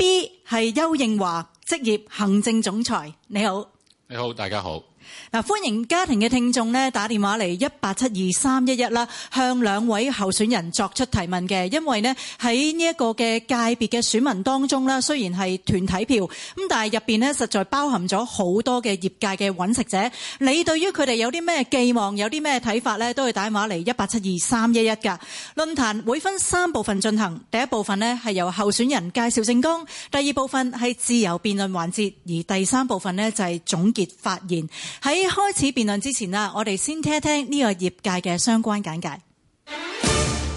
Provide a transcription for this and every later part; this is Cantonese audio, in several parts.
B 係丘應樺，職業行政總裁。你好，你好，大家好。嗱，歡迎家庭嘅聽眾咧，打電話嚟一八七二三一一啦，向兩位候選人作出提問嘅。因為咧喺呢一個嘅界別嘅選民當中咧，雖然係團體票咁，但係入邊咧實在包含咗好多嘅業界嘅揾食者。你對於佢哋有啲咩寄望，有啲咩睇法呢？都係打電話嚟一八七二三一一㗎。論壇會分三部分進行，第一部分咧係由候選人介紹政綱，第二部分係自由辯論環節，而第三部分呢，就係總結發言。喺開始辯論之前啦，我哋先聽一聽呢個業界嘅相關簡介。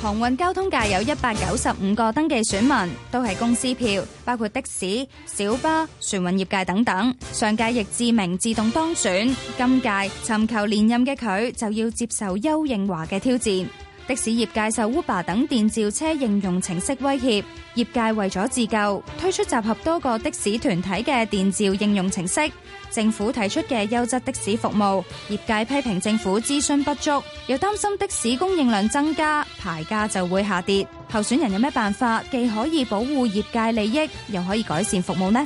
航運交通界有一百九十五個登記選民，都係公司票，包括的士、小巴、船運業界等等。上屆易志明自動當選，今屆尋求連任嘅佢就要接受丘應樺嘅挑戰。的士業界受 Uber 等電召車應用程式威脅，業界為咗自救，推出集合多個的士團體嘅電召應用程式。政府提出嘅優質的士服務業界批評政府諮詢不足，又擔心的士供應量增加，牌價就會下跌。候選人有咩辦法，既可以保護業界利益，又可以改善服務呢？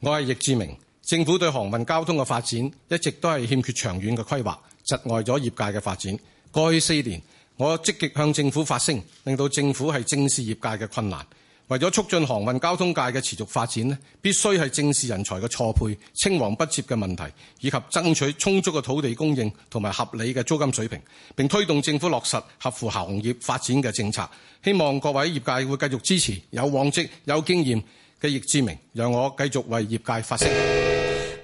我係易志明，政府對航運交通嘅發展一直都係欠缺長遠嘅規劃，窒礙咗業界嘅發展。過去四年，我積極向政府發聲，令到政府係正視業界嘅困難。為咗促進航運交通界嘅持續發展，必須係正視人才嘅錯配、青黃不接嘅問題，以及爭取充足嘅土地供應同埋合理嘅租金水平，並推動政府落實合乎行業發展嘅政策。希望各位業界會繼續支持，有往績、有經驗。易志明，讓我繼續為業界發聲。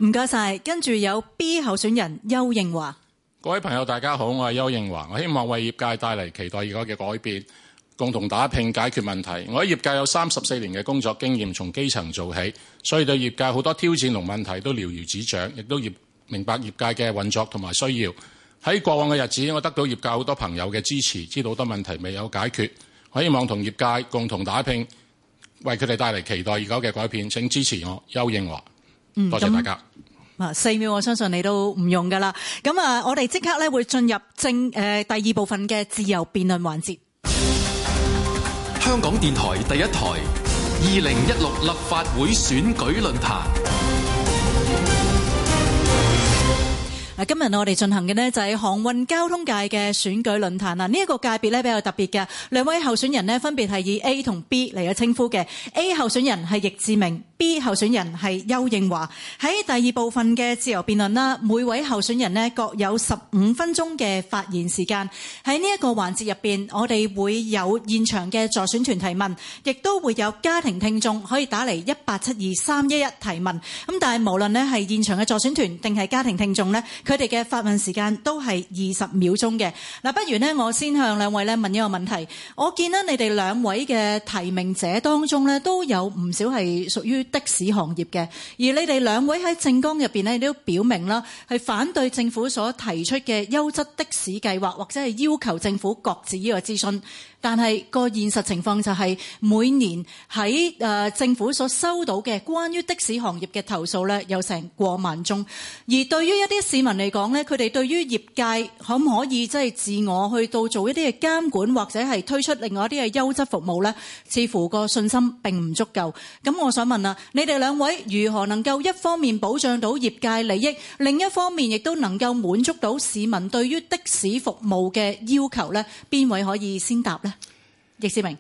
唔該晒，跟住有 B 候選人丘應樺。各位朋友，大家好，我係丘應樺。我希望為業界帶嚟期待而家嘅改變，共同打拼解決問題。我喺業界有三十四年嘅工作經驗，從基層做起，所以對業界好多挑戰同問題都了如指掌，亦都業明白業界嘅運作同埋需要。喺過往嘅日子，我得到業界好多朋友嘅支持，知道好多問題未有解決，我希望同業界共同打拼。為佢哋帶嚟期待已久嘅改片，請支持我丘應樺。嗯，多謝大家。啊，四秒我相信你都唔用㗎喇。咁啊，我哋即刻咧會進入正誒、呃、第二部分嘅自由辯論環節。香港電台第一台二零一六立法會選舉論壇。今日我哋進行嘅呢就係航運交通界嘅選舉論壇啦。呢一個界別呢比較特別嘅，兩位候選人呢，分別係以 A 同 B 嚟嘅稱呼嘅。A 候選人係易志明，B 候選人係丘應樺。喺第二部分嘅自由辯論啦，每位候選人呢各有十五分鐘嘅發言時間。喺呢一個環節入面，我哋會有現場嘅助選團提問，亦都會有家庭聽眾可以打嚟一八七二三一一提問。咁但係無論呢係現場嘅助選團定係家庭聽眾呢。佢哋嘅發問時間都係二十秒鐘嘅。嗱，不如咧，我先向兩位咧問一個問題，我見呢你哋兩位嘅提名者當中咧，都有唔少係屬於的士行業嘅。而你哋兩位喺政綱入邊咧，都表明啦，係反對政府所提出嘅優質的士計劃或者係要求政府擱置呢個諮詢，但係個現實情況就係每年喺誒政府所收到嘅關於的士行業嘅投訴咧，有成過萬宗。而對於一啲市民，嚟講呢，佢哋對於業界可唔可以即係自我去到做一啲嘅監管，或者係推出另外一啲嘅優質服務呢？似乎個信心並唔足夠。咁我想問啊，你哋兩位如何能夠一方面保障到業界利益，另一方面亦都能夠滿足到市民對於的士服務嘅要求呢？邊位可以先答呢？易志明，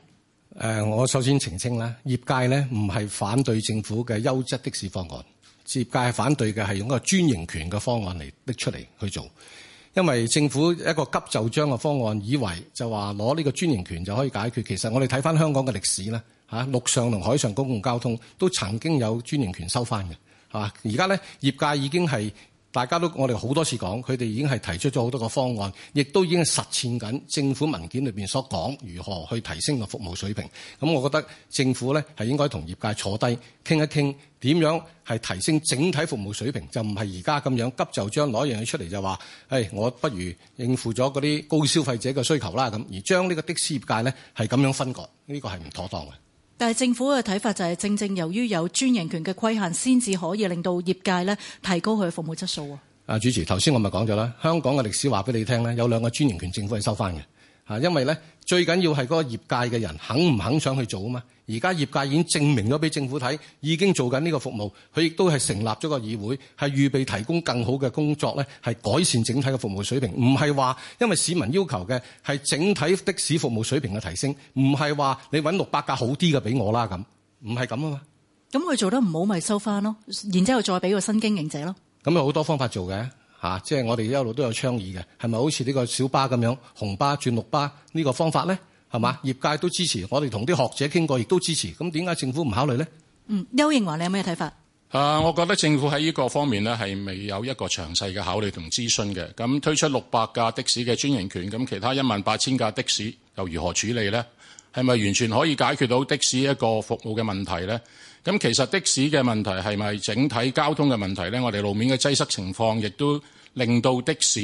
誒，我首先澄清啦，業界呢唔係反對政府嘅優質的士方案。業界反對嘅，係用一個專營權嘅方案嚟拎出嚟去做，因為政府一個急就章嘅方案，以為就話攞呢個專營權就可以解決。其實我哋睇翻香港嘅歷史咧，嚇陸上同海上公共交通都曾經有專營權收翻嘅，係嘛？而家咧業界已經係。大家都我哋好多次講，佢哋已經係提出咗好多個方案，亦都已經實踐緊政府文件裏邊所講如何去提升個服務水平。咁我覺得政府咧係應該同業界坐低傾一傾，點樣係提升整體服務水平，就唔係而家咁樣急就章攞樣嘢出嚟就話誒、哎、我不如應付咗嗰啲高消費者嘅需求啦咁，而將呢個的士業界咧係咁樣分割，呢、這個係唔妥當嘅。但係政府嘅睇法就係正正由於有專營權嘅規限，先至可以令到業界咧提高佢服務質素啊！啊，主持頭先我咪講咗啦，香港嘅歷史話俾你聽咧，有兩個專營權政府係收翻嘅。因為咧最緊要係嗰個業界嘅人肯唔肯想去做啊嘛。而家業界已經證明咗俾政府睇，已經做緊呢個服務。佢亦都係成立咗個議會，係預備提供更好嘅工作咧，係改善整體嘅服務水平。唔係話因為市民要求嘅係整體的士服務水平嘅提升，唔係話你揾六百架好啲嘅俾我啦咁，唔係咁啊嘛。咁佢做得唔好咪收翻咯，然之後再俾個新經營者咯。咁有好多方法做嘅。啊，即係我哋一路都有倡議嘅，係咪好似呢個小巴咁樣紅巴轉綠巴呢個方法咧？係嘛？業界都支持，我哋同啲學者傾過，亦都支持。咁點解政府唔考慮咧？嗯，丘應樺，你有咩睇法？啊，我覺得政府喺呢個方面咧係未有一個詳細嘅考慮同諮詢嘅。咁推出六百架的士嘅專營權，咁其他一萬八千架的士又如何處理咧？係咪完全可以解決到的士一個服務嘅問題咧？咁其實的士嘅問題係咪整體交通嘅問題咧？我哋路面嘅擠塞情況亦都。令到的士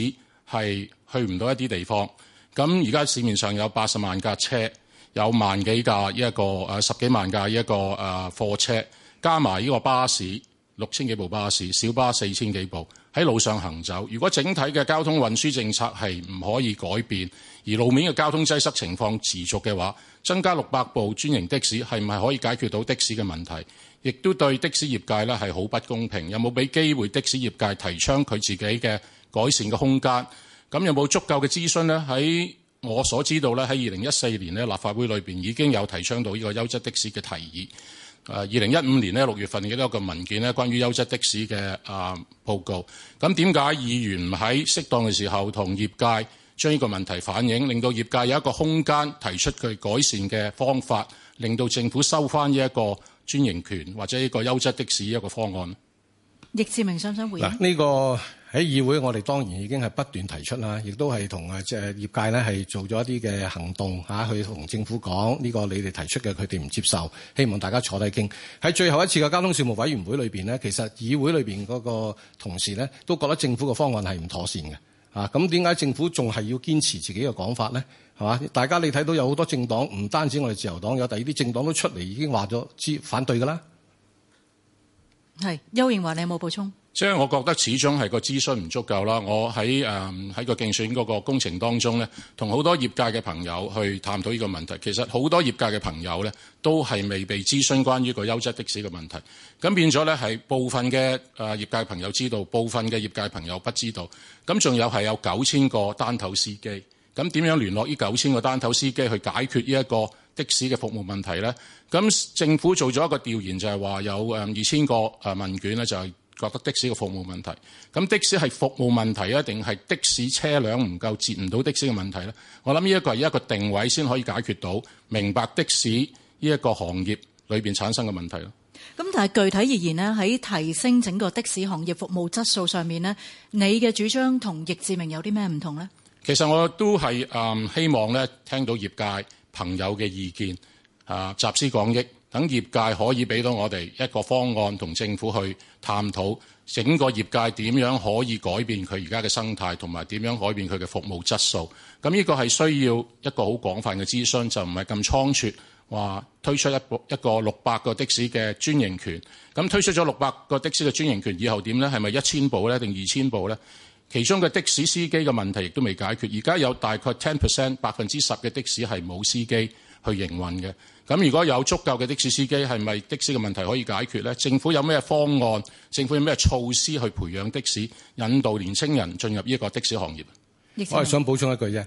係去唔到一啲地方，咁而家市面上有八十萬架車，有萬幾架呢、這、一個誒十幾萬架呢一個誒貨車，加埋呢個巴士六千幾部巴士，小巴四千幾部喺路上行走。如果整體嘅交通運輸政策係唔可以改變，而路面嘅交通擠塞情況持續嘅話，增加六百部專營的士係唔係可以解決到的士嘅問題？亦都對的士業界咧係好不公平，有冇俾機會的士業界提倡佢自己嘅改善嘅空間？咁有冇足夠嘅諮詢呢？喺我所知道咧，喺二零一四年咧，立法會裏邊已經有提倡到呢個優質的士嘅提議。誒，二零一五年咧，六月份亦都有個文件咧，關於優質的士嘅啊報告。咁點解議員唔喺適當嘅時候同業界將呢個問題反映，令到業界有一個空間提出佢改善嘅方法，令到政府收翻呢一個？專營權或者呢個優質的士一個方案，易志明想唔想回應？呢、呢個喺議會，我哋當然已經係不斷提出啦，亦都係同誒業界咧係做咗一啲嘅行動、啊、去同政府講呢、呢個你哋提出嘅，佢哋唔接受。希望大家坐低傾，喺最後一次嘅交通事務委員會裏面呢，其實議會裏面嗰個同事呢，都覺得政府嘅方案係唔妥善嘅嚇。咁點解政府仲係要堅持自己嘅講法呢？係嘛？大家你睇到有好多政黨，唔單止我哋自由黨，有第二啲政黨都出嚟，已經話咗知反對噶啦。係丘應樺，你有冇補充？即係我覺得始終係個諮詢唔足夠啦。我喺誒喺個競選嗰個工程當中咧，同好多業界嘅朋友去探討呢個問題。其實好多業界嘅朋友咧，都係未被諮詢關於個優質的士嘅問題。咁變咗咧，係部分嘅誒業界朋友知道，部分嘅業界朋友不知道。咁仲有係有九千個單頭司機。咁點樣聯絡呢九千個單頭司機去解決呢一個的士嘅服務問題咧？咁政府做咗一個調研，就係話有二千個誒問卷咧，就係覺得的士嘅服務問題。咁的士係服務問題啊，定係的士車輛唔夠接唔到的士嘅問題咧？我諗呢一個係一個定位先可以解決到，明白的士呢一個行業裏面產生嘅問題咯。咁但係具體而言呢，喺提升整個的士行業服務質素上面呢，你嘅主張同易志明有啲咩唔同咧？其實我都係誒希望咧，聽到業界朋友嘅意見，啊集思廣益，等業界可以俾到我哋一個方案，同政府去探討整個業界點樣可以改變佢而家嘅生態，同埋點樣改變佢嘅服務質素。咁呢個係需要一個好廣泛嘅諮詢，就唔係咁倉促話推出一一個六百個的士嘅專營權。咁推出咗六百個的士嘅專營權以後點呢？係咪一千部呢？定二千部呢？其中嘅的，的士司機嘅問題亦都未解決，而家有大概 ten percent 百分之十嘅的士係冇司機去營運嘅。咁如果有足夠嘅的，的士司機，係咪的士嘅問題可以解決咧？政府有咩方案？政府有咩措施去培養的士，引導年青人進入呢一個的士行業？我係想補充一句啫，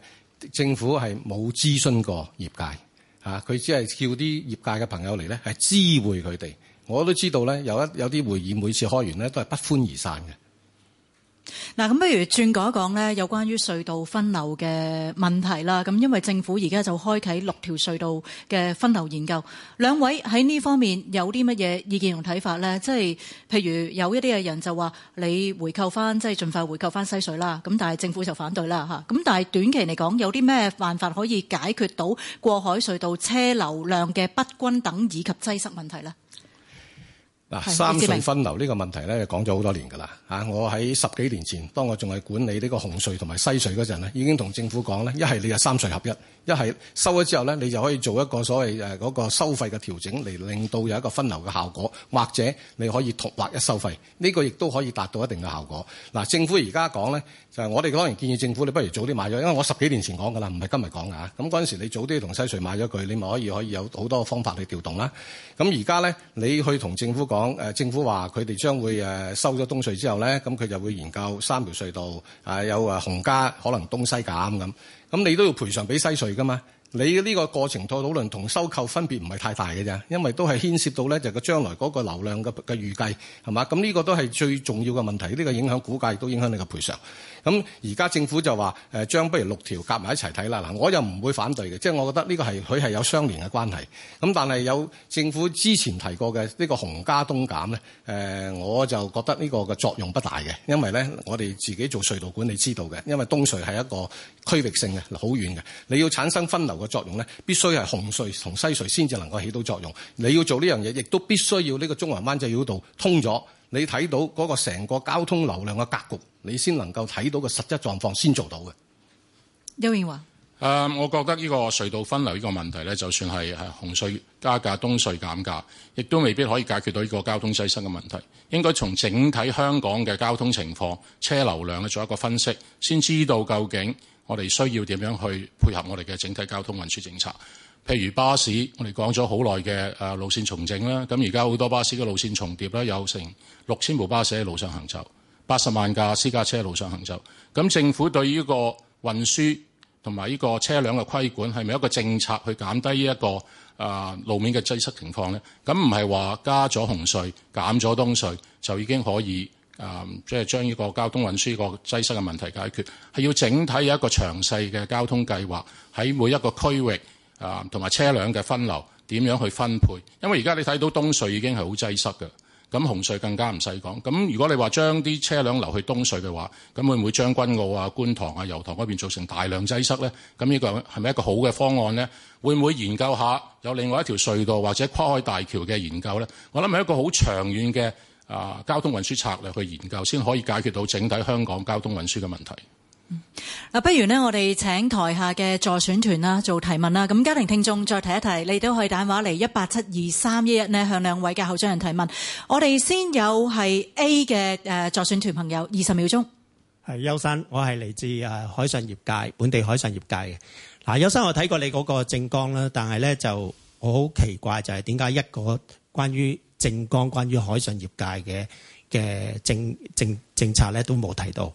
政府係冇諮詢過業界嚇，佢只係叫啲業界嘅朋友嚟咧，係知會佢哋。我都知道咧，有一有啲會議每次開完咧，都係不歡而散嘅。嗱，咁不如轉講一講咧，有關於隧道分流嘅問題啦。咁因為政府而家就開啟六條隧道嘅分流研究，兩位喺呢方面有啲乜嘢意見同睇法咧？即係譬如有一啲嘅人就話你回購翻，即係盡快回購翻西隧啦。咁但係政府就反對啦吓。咁但係短期嚟講，有啲咩辦法可以解決到過海隧道車流量嘅不均等以及擠塞問題咧？三稅分流呢個問題咧，講咗好多年㗎啦嚇。我喺十幾年前，當我仲係管理呢個紅稅同埋西稅嗰陣已經同政府講咧，一係你係三稅合一，一係收咗之後呢，你就可以做一個所謂誒嗰個收費嘅調整，嚟令到有一個分流嘅效果，或者你可以同或一收費，呢、這個亦都可以達到一定嘅效果。嗱，政府而家講呢，就係、是、我哋當然建議政府，你不如早啲買咗，因為我十幾年前講㗎啦，唔係今日講㗎。咁嗰陣時你早啲同西稅買咗佢，你咪可以可以有好多方法去調動啦。咁而家呢，你去同政府講。誒，政府話佢哋將會誒收咗東隧之後咧，咁佢就會研究三條隧道啊，有啊紅加可能東西減咁，咁你都要賠償俾西隧噶嘛？你呢個過程討論同收購分別唔係太大嘅啫，因為都係牽涉到咧就個將來嗰個流量嘅嘅預計係嘛？咁呢個都係最重要嘅問題，呢、個影響股價亦都影響你嘅賠償。咁而家政府就話誒將不如六條夾埋一齊睇啦。嗱，我又唔會反對嘅，即係我覺得呢個係佢係有相連嘅關係。咁但係有政府之前提過嘅呢個紅加東減咧，誒、呃、我就覺得呢個嘅作用不大嘅，因為咧我哋自己做隧道管理你知道嘅，因為東隧係一個區域性嘅，好遠嘅，你要產生分流嘅作用咧，必須係紅隧同西隧先至能夠起到作用。你要做呢樣嘢，亦都必須要呢個中環灣仔繞道通咗，你睇到嗰個成個交通流量嘅格局。你先能夠睇到個實質狀況，先做到嘅。丘應樺，誒，uh, 我覺得呢個隧道分流呢個問題呢就算係係紅隧加價、東隧減價，亦都未必可以解決到呢個交通擠塞嘅問題。應該從整體香港嘅交通情況、車流量呢做一個分析，先知道究竟我哋需要點樣去配合我哋嘅整體交通運輸政策。譬如巴士，我哋講咗好耐嘅路線重整啦，咁而家好多巴士嘅路線重疊啦，有成六千部巴士喺路上行走。八十萬架私家車路上行走，咁政府對於個運輸同埋呢個車輛嘅規管係咪一個政策去減低呢、這、一個啊、呃、路面嘅擠塞情況咧？咁唔係話加咗紅隧、減咗東隧就已經可以啊，即係將呢個交通運輸個擠塞嘅問題解決，係要整體有一個詳細嘅交通計劃，喺每一個區域啊同埋車輛嘅分流點樣去分配？因為而家你睇到東隧已經係好擠塞嘅。咁紅隧更加唔使講，咁如果你話將啲車輛留去東隧嘅話，咁會唔會將軍澳啊、觀塘啊、油塘嗰邊造成大量擠塞呢？咁呢個係咪一個好嘅方案呢？會唔會研究下有另外一條隧道或者跨海大橋嘅研究呢？我諗係一個好長遠嘅啊交通運輸策略去研究，先可以解決到整體香港交通運輸嘅問題。嗱、嗯，不如呢，我哋請台下嘅助選團啦做提問啦。咁家庭聽眾再提一提，你都可以打電話嚟，一八七二三一一呢，向兩位嘅候選人提問。我哋先有係 A 嘅誒助選團朋友二十秒鐘。係丘生，我係嚟自誒、啊、海上業界，本地海上業界嘅。嗱，丘生，我睇過你嗰個政綱啦，但係呢，就我好奇怪就係點解一個關於政綱關於海上業界嘅嘅政政政、政策呢都冇提到。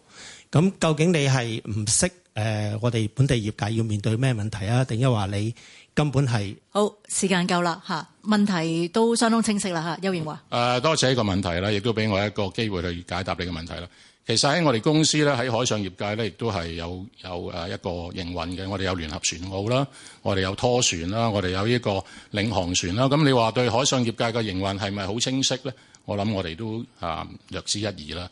咁究竟你係唔識誒？我哋本地業界要面對咩問題啊？定係話你根本係好時間夠啦嚇、啊，問題都相當清晰啦嚇。丘、啊、應樺，多謝呢個問題啦，亦都俾我一個機會去解答你嘅問題啦。其實喺我哋公司咧，喺海上業界咧，亦都係有有一個營運嘅。我哋有聯合船澳啦，我哋有拖船啦，我哋有呢個領航船啦。咁你話對海上業界嘅營運係咪好清晰咧？我諗我哋都啊略知一二啦。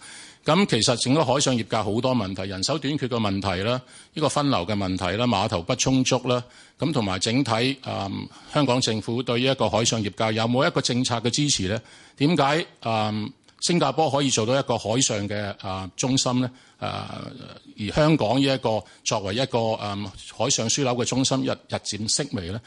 咁其實整個海上業界好多問題，人手短缺嘅問題啦，呢個分流嘅問題啦，碼頭不充足啦，咁同埋整體啊、嗯、香港政府對於一個海上業界有冇一個政策嘅支持呢？點解啊新加坡可以做到一個海上嘅啊中心呢？誒、啊、而香港呢一個作為一個、嗯、海上樞紐嘅中心日日漸式微咧，呢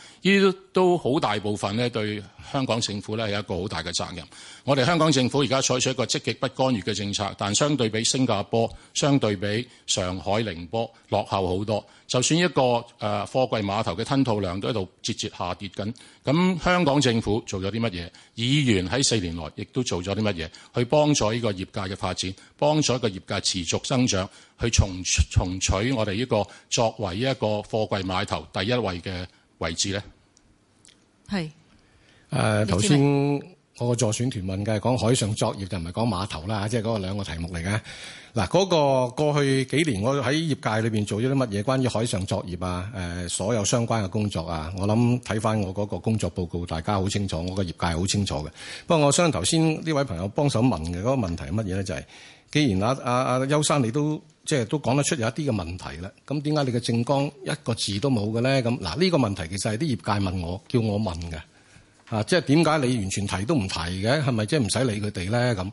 都都好大部分咧對香港政府咧係一個好大嘅責任。我哋香港政府而家採取一個積極不干預嘅政策，但相對比新加坡、相對比上海寧波落後好多。就算一個誒貨櫃碼頭嘅吞吐量都喺度節節下跌緊，咁香港政府做咗啲乜嘢？議員喺四年來亦都做咗啲乜嘢去幫助呢個業界嘅發展，幫助一個業界持續生。增長去重重取我哋呢個作為一個貨櫃碼頭第一位嘅位置咧，係誒，頭先我個助選團問嘅，係講海上作業就唔係講碼頭啦，即係嗰個兩個題目嚟嘅。嗱，嗰個過去幾年我喺業界裏邊做咗啲乜嘢，關於海上作業啊，誒，所有相關嘅工作啊，我諗睇翻我嗰個工作報告，大家好清楚，我個業界好清楚嘅。不過我相信頭先呢位朋友幫手問嘅嗰個問題係乜嘢咧？就係。既然阿阿阿丘生你都即係都講得出有一啲嘅問題啦，咁點解你嘅政綱一個字都冇嘅咧？咁嗱，呢個問題其實係啲業界問我，叫我問嘅，啊即係點解你完全提都唔提嘅？係咪即係唔使理佢哋咧？咁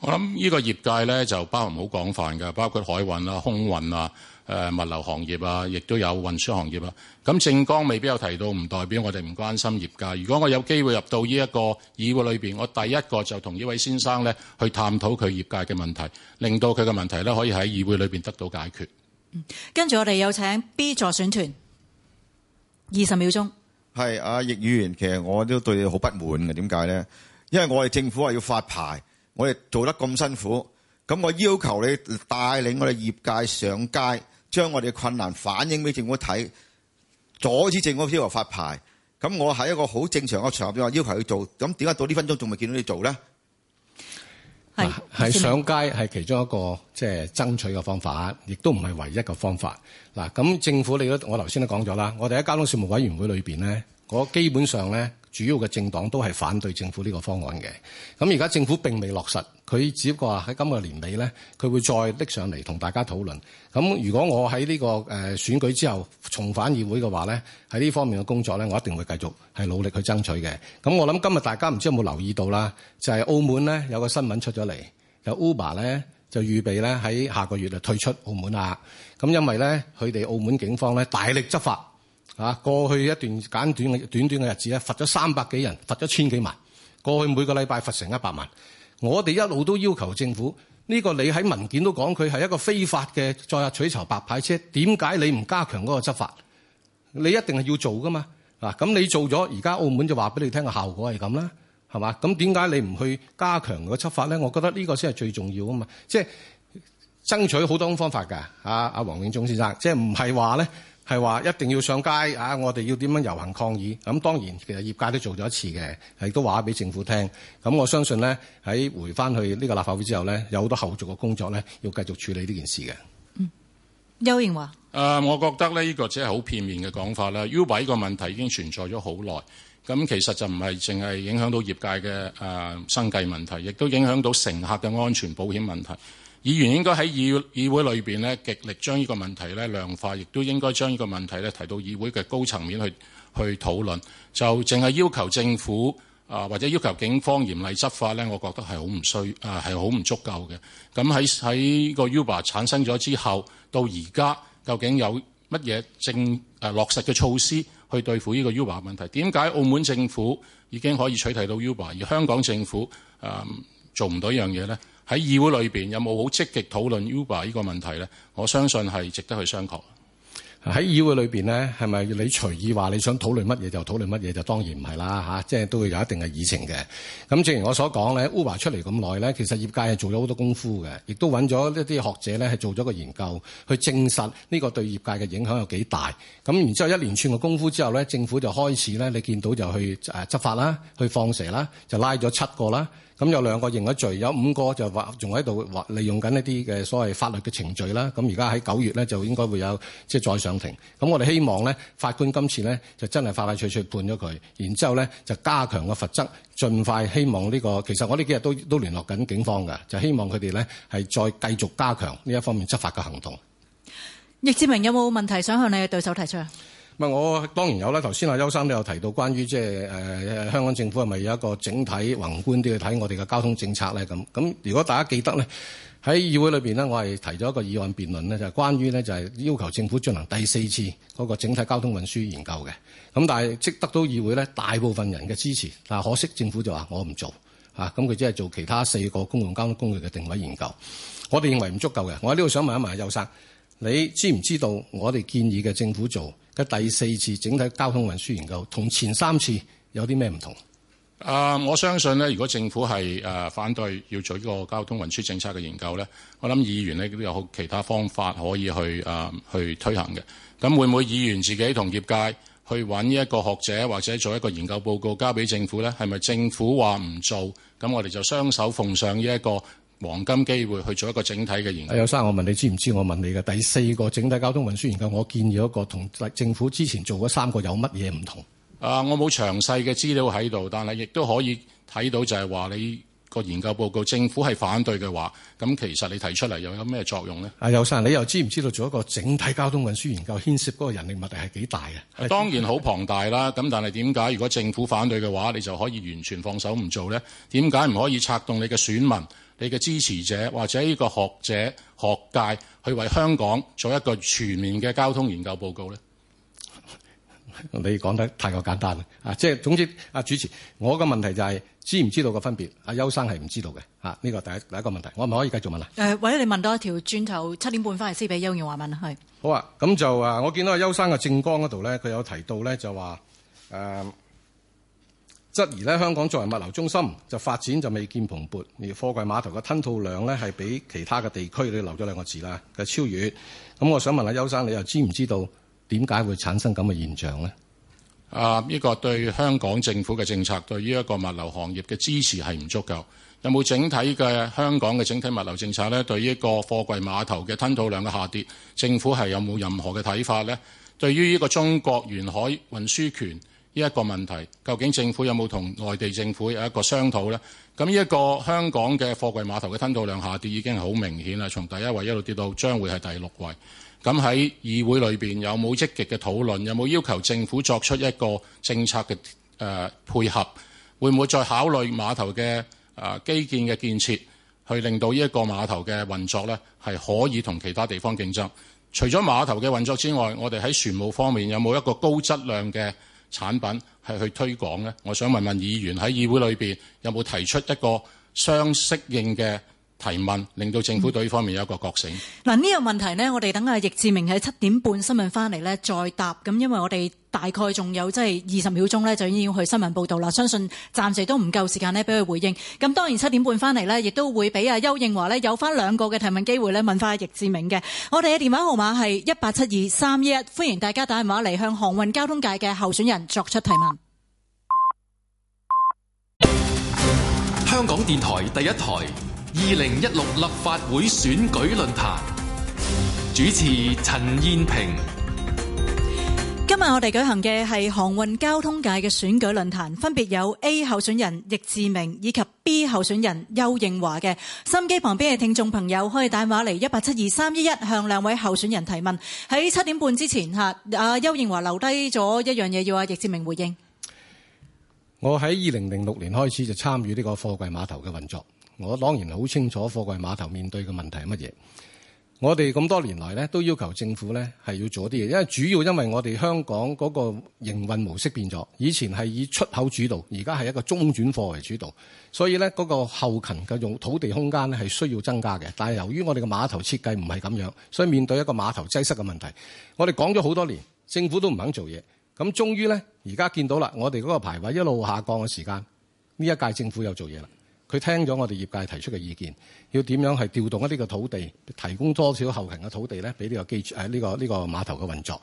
我諗呢個業界咧就包含好廣泛嘅，包括海運啊、空運啊。誒物流行業啊，亦都有運輸行業啊。咁政綱未必有提到，唔代表我哋唔關心業界。如果我有機會入到呢一個議會裏邊，我第一個就同呢位先生咧去探討佢業界嘅問題，令到佢嘅問題咧可以喺議會裏邊得到解決。嗯、跟住我哋有請 B 助選團。二十秒鐘。係啊，易議員，其實我都對你好不滿嘅。點解咧？因為我哋政府係要發牌，我哋做得咁辛苦。咁我要求你帶領我哋業界上街，將我哋嘅困難反映俾政府睇，阻止政府只話發牌。咁我喺一個好正常嘅場合，要求佢做，咁點解到呢分鐘仲未見到你做咧？係上街係其中一個即係爭取嘅方法，亦都唔係唯一嘅方法。嗱，咁政府你都我頭先都講咗啦，我哋喺交通事務委員會裏邊咧，我基本上咧。主要嘅政黨都係反對政府呢個方案嘅，咁而家政府並未落實，佢只不過話喺今個年尾咧，佢會再拎上嚟同大家討論，咁如果我喺呢個誒選舉之後重返議會嘅話咧，喺呢方面嘅工作咧，我一定會繼續係努力去爭取嘅。咁我諗今日大家唔知有冇留意到啦，就係澳門咧有個新聞出咗嚟，有 Uber 咧就預備咧喺下個月就退出澳門啦。咁因為咧佢哋澳門警方咧大力執法。啊！過去一段簡短嘅短短嘅日子咧，罰咗三百幾人，罰咗千幾萬。過去每個禮拜罰成一百萬。我哋一路都要求政府，呢個你喺文件都講佢係一個非法嘅載客取酬白牌車。點解你唔加強嗰個執法？你一定係要做噶嘛？咁你做咗，而家澳門就話俾你聽個效果係咁啦，係嘛？咁點解你唔去加強個執法咧？我覺得呢個先係最重要啊嘛！即係爭取好多方法㗎。啊，阿黃永忠先生，即係唔係話咧？係話一定要上街啊！我哋要點樣遊行抗議？咁、啊、當然，其實業界都做咗一次嘅，亦都話咗俾政府聽。咁我相信呢，喺回翻去呢個立法會之後呢，有好多後續嘅工作呢，要繼續處理呢件事嘅。丘應樺：誒、呃，我覺得咧，呢個只係好片面嘅講法啦。Uber 呢個問題已經存在咗好耐，咁其實就唔係淨係影響到業界嘅誒、呃、生計問題，亦都影響到乘客嘅安全保險問題。議員應該喺議議會裏邊咧，極力將呢個問題咧量化，亦都應該將呢個問題咧提到議會嘅高層面去去討論。就淨係要求政府啊、呃，或者要求警方嚴厲執法咧，我覺得係好唔需啊，係好唔足夠嘅。咁喺喺呢個 Uber 產生咗之後，到而家究竟有乜嘢政誒落實嘅措施去對付呢個 Uber 問題？點解澳門政府已經可以取締到 Uber，而香港政府誒、呃、做唔到一樣嘢咧？喺議會裏面有冇好積極討論 Uber 呢個問題咧？我相信係值得去商榷。喺議會裏邊咧，係咪你隨意話你想討論乜嘢就討論乜嘢，就當然唔係啦嚇，啊，即係都會有一定嘅議程嘅。咁正如我所講咧，Uber 出嚟咁耐咧，其實業界係做咗好多功夫嘅，亦都搵咗一啲學者咧係做咗個研究去證實呢個對業界嘅影響有幾大。咁然之後一連串嘅功夫之後咧，政府就開始咧，你見到就去誒執法啦，去放蛇啦，就拉咗七個啦。咁有兩個認咗罪，有五個就話仲喺度話利用緊一啲嘅所謂法律嘅程序啦。咁而家喺九月咧就應該會有即係再上庭。咁我哋希望咧法官今次咧就真係快快脆脆判咗佢，然之後咧就加強個罰則，盡快希望呢個，其實我呢幾日都都聯絡緊警方㗎，就希望佢哋咧係再繼續加強呢一方面執法嘅行動。易志明有冇問題想向你嘅對手提出？咁我當然有啦。頭先阿邱生都有提到關於即係誒香港政府係咪有一個整體宏觀啲去睇我哋嘅交通政策咧？咁，咁，如果大家記得咧，喺議會裏面咧，我係提咗一個議案辯論咧，就係關於咧就係要求政府進行第四次嗰個整體交通運輸研究嘅。咁但係即得到議會咧大部分人嘅支持，但可惜政府就話我唔做嚇，咁佢只係做其他四個公共交通工具嘅定位研究。我哋認為唔足夠嘅。我喺呢度想問一問邱生。你知唔知道我哋建議嘅政府做嘅第四次整體交通運輸研究，同前三次有啲咩唔同？啊，uh, 我相信咧，如果政府係誒反對要做呢個交通運輸政策嘅研究咧，我諗議員咧都有好其他方法可以去啊、uh, 去推行嘅。咁會唔會議員自己同業界去揾一個學者或者做一個研究報告交俾政府咧？係咪政府話唔做？咁我哋就雙手奉上呢、這、一個。黃金機會去做一個整體嘅研究。丘生、啊，我問你知唔知？我問你嘅第四個整體交通運輸研究，我建議一個同政府之前做嗰三個有乜嘢唔同啊？我冇詳細嘅資料喺度，但係亦都可以睇到就係話你個研究報告政府係反對嘅話，咁其實你提出嚟又有咩作用呢？有友、啊、生，你又知唔知道做一個整體交通運輸研究牽涉嗰個人力物力係幾大嘅、啊？當然好龐大啦。咁但係點解如果政府反對嘅話，你就可以完全放手唔做呢？點解唔可以策動你嘅選民？你嘅支持者或者呢個學者學界去為香港做一個全面嘅交通研究報告咧？ 你講得太過簡單啦！啊，即、就、係、是、總之，啊，主持，我嘅問題就係、是、知唔知道個分別？啊，丘生係唔知道嘅嚇，呢個第一第一個問題，我係咪可以繼續問啊？誒、呃，或者你問多一條轉頭七點半翻嚟先俾丘應樺問啊？好啊，咁就啊，我見到啊丘生嘅政綱嗰度咧，佢有提到咧就話誒。呃質疑咧，香港作為物流中心，就發展就未見蓬勃。而貨櫃碼頭嘅吞吐量咧，係比其他嘅地區，你留咗兩個字啦，就超越。咁我想問下丘生，你又知唔知道點解會產生咁嘅現象呢？啊，呢個對香港政府嘅政策，對於一個物流行業嘅支持係唔足夠。有冇整體嘅香港嘅整體物流政策咧？對於一個貨櫃碼頭嘅吞吐量嘅下跌，政府係有冇任何嘅睇法咧？對於呢個中國沿海運輸權？呢一個問題，究竟政府有冇同內地政府有一個商討呢？咁呢一個香港嘅貨櫃碼頭嘅吞吐量下跌已經好明顯啦，從第一位一路跌到將會係第六位。咁喺議會裏面有冇積極嘅討論？有冇要求政府作出一個政策嘅、呃、配合？會唔會再考慮碼頭嘅、呃、基建嘅建設，去令到呢一個碼頭嘅運作呢？係可以同其他地方競爭？除咗碼頭嘅運作之外，我哋喺船務方面有冇一個高質量嘅？產品係去推廣呢？我想問問議員喺議會裏邊有冇提出一個相適應嘅？提問令到政府對呢方面有一個覺醒。嗱呢、嗯這個問題呢，我哋等阿易志明喺七點半新聞翻嚟呢再答。咁因為我哋大概仲有即係二十秒鐘呢，就已經要去新聞報導啦。相信暫時都唔夠時間呢，俾佢回應。咁當然七點半翻嚟呢，亦都會俾阿丘應樺呢有翻兩個嘅提問機會呢。問翻易志明嘅。我哋嘅電話號碼係一八七二三一，歡迎大家打電話嚟向航運交通界嘅候選人作出提問。香港電台第一台。二零一六立法會選舉論壇，主持陳燕萍，今日我哋舉行嘅係航運交通界嘅選舉論壇，分別有 A 候選人易志明以及 B 候選人丘應樺嘅心機。旁邊嘅聽眾朋友可以打電話嚟一八七二三一一向兩位候選人提問。喺七點半之前吓，阿、呃、丘應樺留低咗一樣嘢要阿易志明回應。我喺二零零六年開始就參與呢個貨櫃碼頭嘅運作。我當然好清楚貨櫃碼頭面對嘅問題係乜嘢。我哋咁多年來咧，都要求政府咧係要做啲嘢，因為主要因為我哋香港嗰個營運模式變咗，以前係以出口主導，而家係一個中轉貨為主導，所以咧嗰個後勤嘅用土地空間咧係需要增加嘅。但由於我哋嘅碼頭設計唔係咁樣，所以面對一個碼頭擠塞嘅問題，我哋講咗好多年，政府都唔肯做嘢。咁終於咧，而家見到啦，我哋嗰個排位一路下降嘅時間，呢一屆政府又做嘢啦。佢聽咗我哋業界提出嘅意見，要點樣係調動一啲個土地，提供多少後勤嘅土地咧，俾呢個機呢個呢個碼頭嘅運作。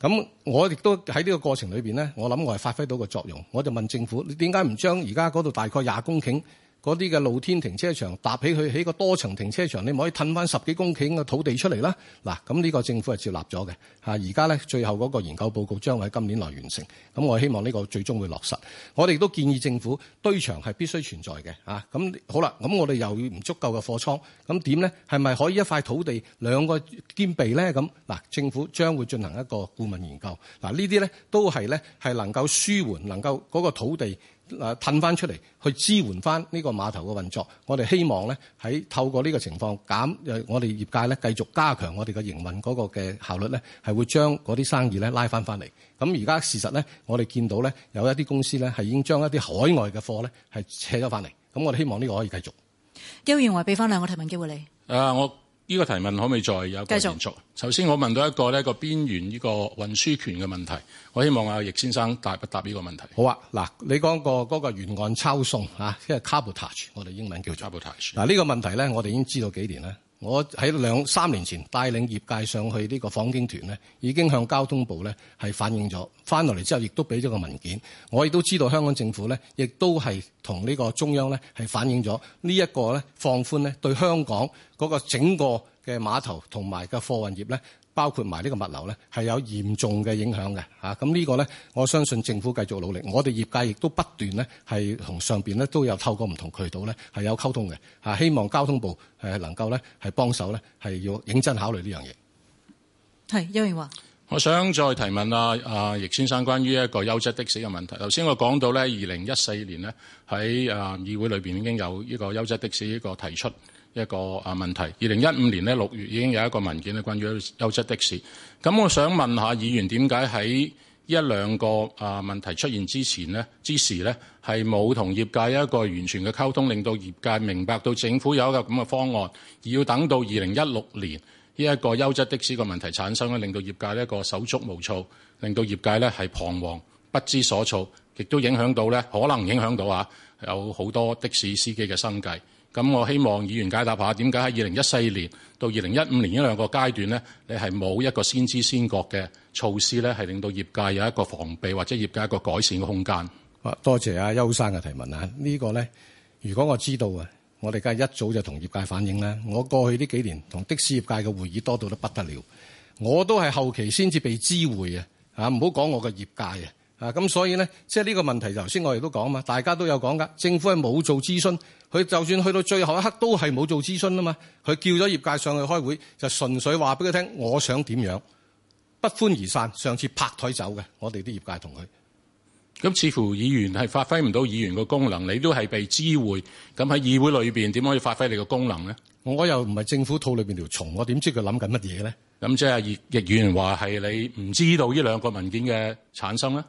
咁我亦都喺呢個過程裏面，咧，我諗我係發揮到個作用，我就問政府：你點解唔將而家嗰度大概廿公頃，嗰啲嘅露天停車場搭起佢起個多層停車場，你唔可以褪翻十幾公頃嘅土地出嚟啦。嗱，咁呢個政府係接納咗嘅。吓，而家咧，最後嗰個研究報告將喺今年來完成。咁我希望呢個最終會落實，我哋都建議政府堆場係必須存在嘅。吓、啊，咁好啦，咁我哋又要唔足夠嘅貨倉，咁點咧？係咪可以一塊土地兩個兼備咧？咁嗱，政府將會進行一個顧問研究。嗱，這些呢啲咧都係咧係能夠舒緩，能夠嗰、那個土地。嗱，褪翻出嚟去支援翻呢個碼頭嘅運作，我哋希望咧喺透過呢個情況減誒，我哋業界咧繼續加強我哋嘅營運嗰個嘅效率咧，係會將嗰啲生意咧拉翻翻嚟。咁而家事實咧，我哋見到咧有一啲公司咧係已經將一啲海外嘅貨咧係卸咗翻嚟。咁我哋希望呢個可以繼續。丘應樺俾翻兩個提問機會你。誒，我。呢個提問可唔可以再有一個延續？首先我問到一個呢個邊緣呢個運輸權嘅問題，我希望阿易先生答一答呢個問題。好啊，嗱，你、那、講個嗰個沿岸抄送啊，即係 cabotage，我哋英文叫 cabotage。嗱呢個問題呢，我哋已經知道了幾年啦。我喺兩三年前帶領業界上去個經呢個訪京團咧，已經向交通部咧係反映咗，翻落嚟之後亦都俾咗個文件，我亦都知道香港政府咧，亦都係同呢個中央咧係反映咗，這個，呢一個咧放寬咧對香港嗰個整個嘅碼頭同埋嘅貨運業咧。包括埋呢個物流咧，係有嚴重嘅影響嘅嚇。咁呢個咧，我相信政府繼續努力，我哋業界亦都不斷咧係同上邊咧都有透過唔同渠道咧係有溝通嘅嚇。希望交通部誒能夠咧係幫手咧係要認真考慮呢樣嘢。係丘應樺，我想再提問阿阿易先生關於一個優質的士嘅問題。頭先我講到咧，二零一四年咧喺啊議會裏邊已經有呢個優質的士呢個提出。一個啊問題，二零一五年咧六月已經有一個文件咧關於優質的士，咁我想問下議員點解喺一兩個啊問題出現之前呢，之時呢，係冇同業界一個完全嘅溝通，令到業界明白到政府有一個咁嘅方案，而要等到二零一六年呢一個優質的士個問題產生咧，令到業界一個手足無措，令到業界呢係彷徨不知所措，亦都影響到呢，可能影響到啊，有好多的士司機嘅生計。咁我希望議員解答下點解喺二零一四年到二零一五年呢兩個階段咧，你係冇一個先知先覺嘅措施咧，係令到業界有一個防備或者業界一個改善嘅空間。多謝阿、啊、丘先生嘅提問啊！這個、呢個咧，如果我知道啊，我哋梗係一早就同業界反映啦。我過去呢幾年同的士業界嘅會議多到得都不得了，我都係後期先至被知會嘅啊！唔好講我嘅業界啊。啊，咁所以咧，即係呢個問題，頭先我哋都講嘛，大家都有講噶，政府係冇做諮詢，佢就算去到最後一刻都係冇做諮詢啊嘛，佢叫咗業界上去開會，就純粹話俾佢聽，我想點樣，不歡而散。上次拍台走嘅，我哋啲業界同佢。咁似乎議員係發揮唔到議員個功能，你都係被知會，咁喺議會裏面點可以發揮你個功能咧？我又唔係政府肚裏面條蟲，我點知佢諗緊乜嘢咧？咁即係議議員話係你唔知道呢兩個文件嘅產生咧？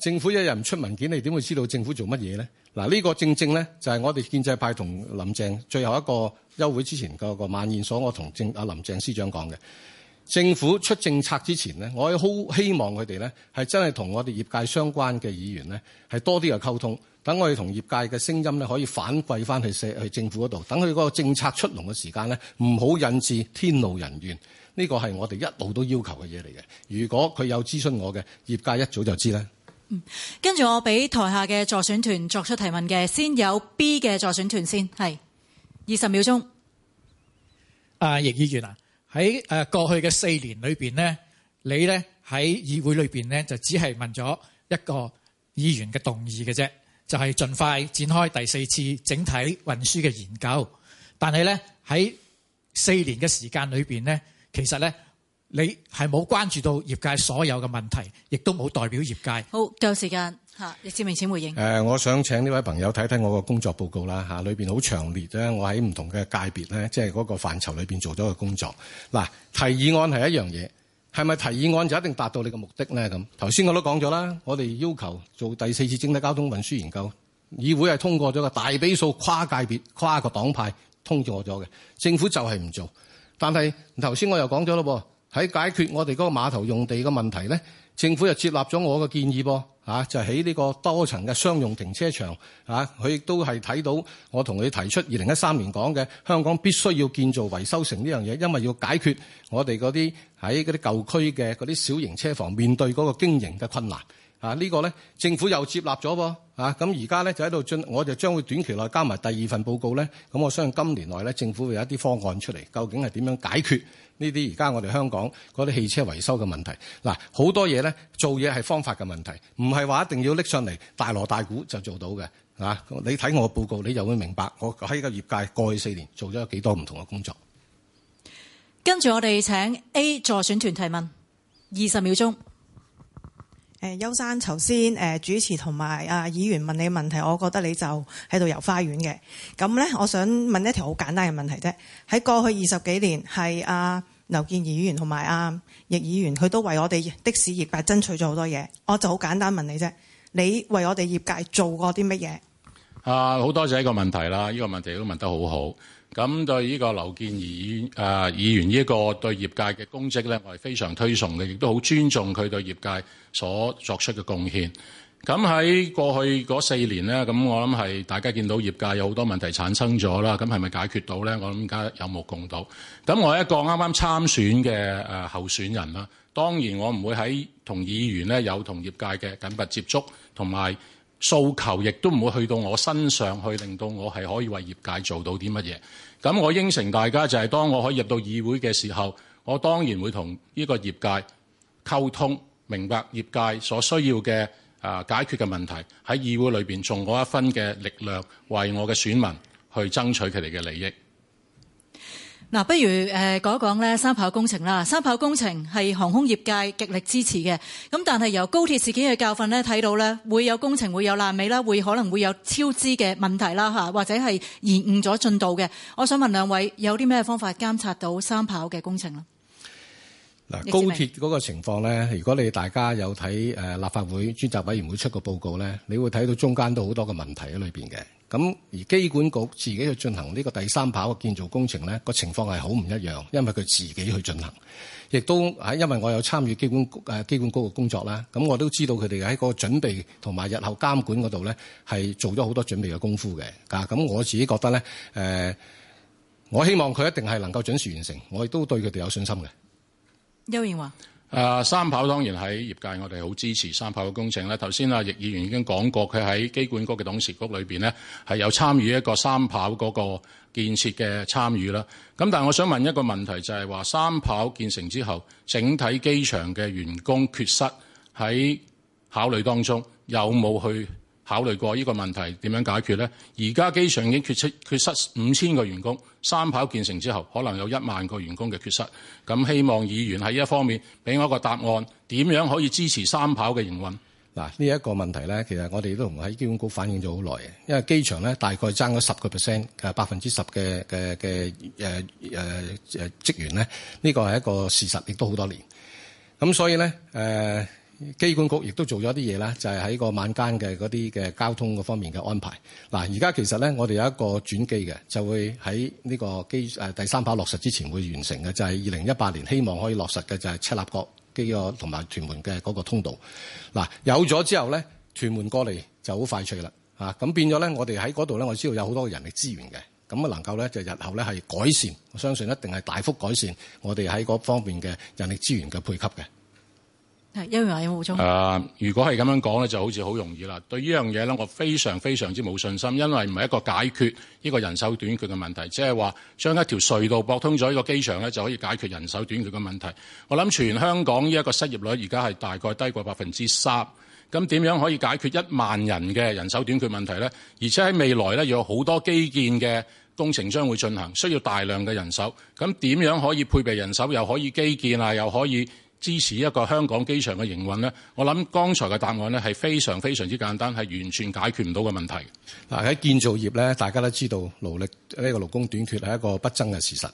政府一日唔出文件，你點會知道政府做乜嘢呢？嗱，呢個正正咧就係我哋建制派同林鄭最後一個休會之前嗰個晚宴所我同政阿林鄭司長講嘅，政府出政策之前咧，我好希望佢哋咧係真係同我哋業界相關嘅議員咧係多啲嘅溝通，等我哋同業界嘅聲音咧可以反饋翻去社去政府嗰度，等佢嗰個政策出籠嘅時間咧唔好引致天怒人怨。呢、這個係我哋一路都要求嘅嘢嚟嘅。如果佢有諮詢我嘅業界一早就知咧。跟住、嗯、我俾台下嘅助選團作出提問嘅，先有 B 嘅助選團先，係二十秒鐘。阿易、啊、議員啊，喺誒過去嘅四年裏邊呢，你咧喺議會裏邊呢就只係問咗一個議員嘅動議嘅啫，就係、是、盡快展開第四次整體運輸嘅研究，但係咧喺四年嘅時間裏邊呢，其實咧。你係冇關注到業界所有嘅問題，亦都冇代表業界。好，夠時間嚇，易志明請回應。誒、呃，我想請呢位朋友睇睇我個工作報告啦嚇，裏邊好詳列咧。我喺唔同嘅界別咧，即係嗰個範疇裏面做咗嘅工作。嗱、啊，提議案係一樣嘢，係咪提議案就一定達到你嘅目的咧？咁頭先我都講咗啦，我哋要求做第四次整體交通運輸研究，議會係通過咗個大比數跨界別、跨個黨派通過咗嘅，政府就係唔做。但係頭先我又講咗咯噃。喺解決我哋嗰個碼頭用地嘅問題咧，政府又接納咗我嘅建議噃，嚇就係起呢個多層嘅商用停車場，嚇佢亦都係睇到我同佢提出二零一三年講嘅香港必須要建造維修城呢樣嘢，因為要解決我哋嗰啲喺嗰啲舊區嘅嗰啲小型車房面對嗰個經營嘅困難。啊！呢、呢個呢政府又接納咗噃。啊，咁而家呢，就喺度進我就將會短期內加埋第二份報告呢，咁我相信今年內呢，政府會有一啲方案出嚟。究竟係點樣解決呢啲而家我哋香港嗰啲汽車維修嘅問題？嗱、啊，好多嘢呢，做嘢係方法嘅問題，唔係話一定要拎上嚟大鑼大鼓就做到嘅。啊，你睇我嘅報告，你就會明白我喺個業界過去四年做咗幾多唔同嘅工作。跟住我哋請 A 助選團提問，二十秒鐘。誒丘生，頭先誒主持同埋啊議員問你問題，我覺得你就喺度遊花園嘅。咁咧，我想問一條好簡單嘅問題啫。喺過去二十幾年，係啊劉健儀議員同埋阿易議員，佢都為我哋的士業界爭取咗好多嘢。我就好簡單問你啫，你為我哋業界做過啲乜嘢？啊，好多謝一個問題啦！呢個問題都問得好好。咁對呢個劉健儀議、呃、議員員呢個對業界嘅功績咧，我係非常推崇嘅，亦都好尊重佢對業界所作出嘅貢獻。咁喺過去嗰四年咧，咁我諗係大家見到業界有好多問題產生咗啦，咁係咪解決到咧？我諗而家有目共睹。咁我一個啱啱參選嘅誒、呃、候選人啦，當然我唔會喺同議員咧有同業界嘅緊密接觸，同埋。訴求亦都唔會去到我身上去，令到我係可以為業界做到啲乜嘢。咁我應承大家就係，當我可以入到議會嘅時候，我當然會同呢個業界溝通，明白業界所需要嘅啊解決嘅問題，喺議會裏邊，盡我一分嘅力量，為我嘅選民去爭取佢哋嘅利益。嗱、啊，不如誒、呃、講一講咧三跑工程啦。三跑工程係航空業界極力支持嘅。咁但係由高鐵事件嘅教訓咧睇到咧，會有工程會有爛尾啦，會可能會有超支嘅問題啦吓，或者係延誤咗進度嘅。我想問兩位有啲咩方法監察到三跑嘅工程咧？嗱，高鐵嗰個情況咧，如果你大家有睇誒立法會專責委員會出個報告咧，你會睇到中間都好多個問題喺裏面嘅。咁而機管局自己去進行呢個第三跑嘅建造工程咧，個情況係好唔一樣，因為佢自己去進行，亦都喺因為我有參與機管，誒機管局嘅工作啦，咁我都知道佢哋喺個準備同埋日後監管嗰度咧係做咗好多準備嘅功夫嘅。啊，咁我自己覺得咧，我希望佢一定係能夠準時完成，我亦都對佢哋有信心嘅。丘應樺誒，三跑當然喺業界，我哋好支持三跑嘅工程呢，頭先啊，易議員已經講過，佢喺機管局嘅董事局裏邊咧，係有參與一個三跑嗰個建設嘅參與啦。咁但係我想問一個問題就是說，就係話三跑建成之後，整體機場嘅員工缺失喺考慮當中，有冇去？考慮過呢個問題點樣解決咧？而家機場已經缺失缺失五千個員工，三跑建成之後可能有一萬個員工嘅缺失。咁希望議員喺呢一方面俾我一個答案，點樣可以支持三跑嘅營運？嗱，呢一個問題咧，其實我哋都唔喺機管局反映咗好耐嘅，因為機場咧大概爭咗十個 percent，百分之十嘅嘅嘅誒誒誒職員咧，呢個係一個事實，亦都好多年。咁所以咧，誒、呃。機管局亦都做咗啲嘢啦，就係喺個晚間嘅嗰啲嘅交通嗰方面嘅安排。嗱，而家其實咧，我哋有一個轉機嘅，就會喺呢個、啊、第三跑落實之前會完成嘅，就係二零一八年希望可以落實嘅就係、是、赤鱲角機嘅同埋屯門嘅嗰個通道。嗱、啊，有咗之後咧，屯門過嚟就好快脆啦咁、啊、變咗咧，我哋喺嗰度咧，我知道有好多人力資源嘅，咁啊能夠咧就日後咧係改善，我相信一定係大幅改善我哋喺嗰方面嘅人力資源嘅配給嘅。係冇、呃、如果係咁樣講咧，就好似好容易啦。對呢樣嘢咧，我非常非常之冇信心，因為唔係一個解決呢個人手短缺嘅問題，即係話將一條隧道駁通咗個機場咧，就可以解決人手短缺嘅問題。我諗全香港呢一個失業率而家係大概低過百分之三。咁點樣可以解決一萬人嘅人手短缺問題咧？而且喺未來咧，有好多基建嘅工程將會進行，需要大量嘅人手。咁點樣可以配備人手，又可以基建啊，又可以，支持一個香港機場嘅營運咧，我諗剛才嘅答案咧係非常非常之簡單，係完全解決唔到嘅問題。嗱，喺建造業咧，大家都知道勞力呢、呢個勞工短缺係一個不爭嘅事實，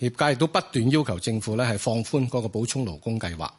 業界亦都不斷要求政府咧係放寬嗰個補充勞工計劃。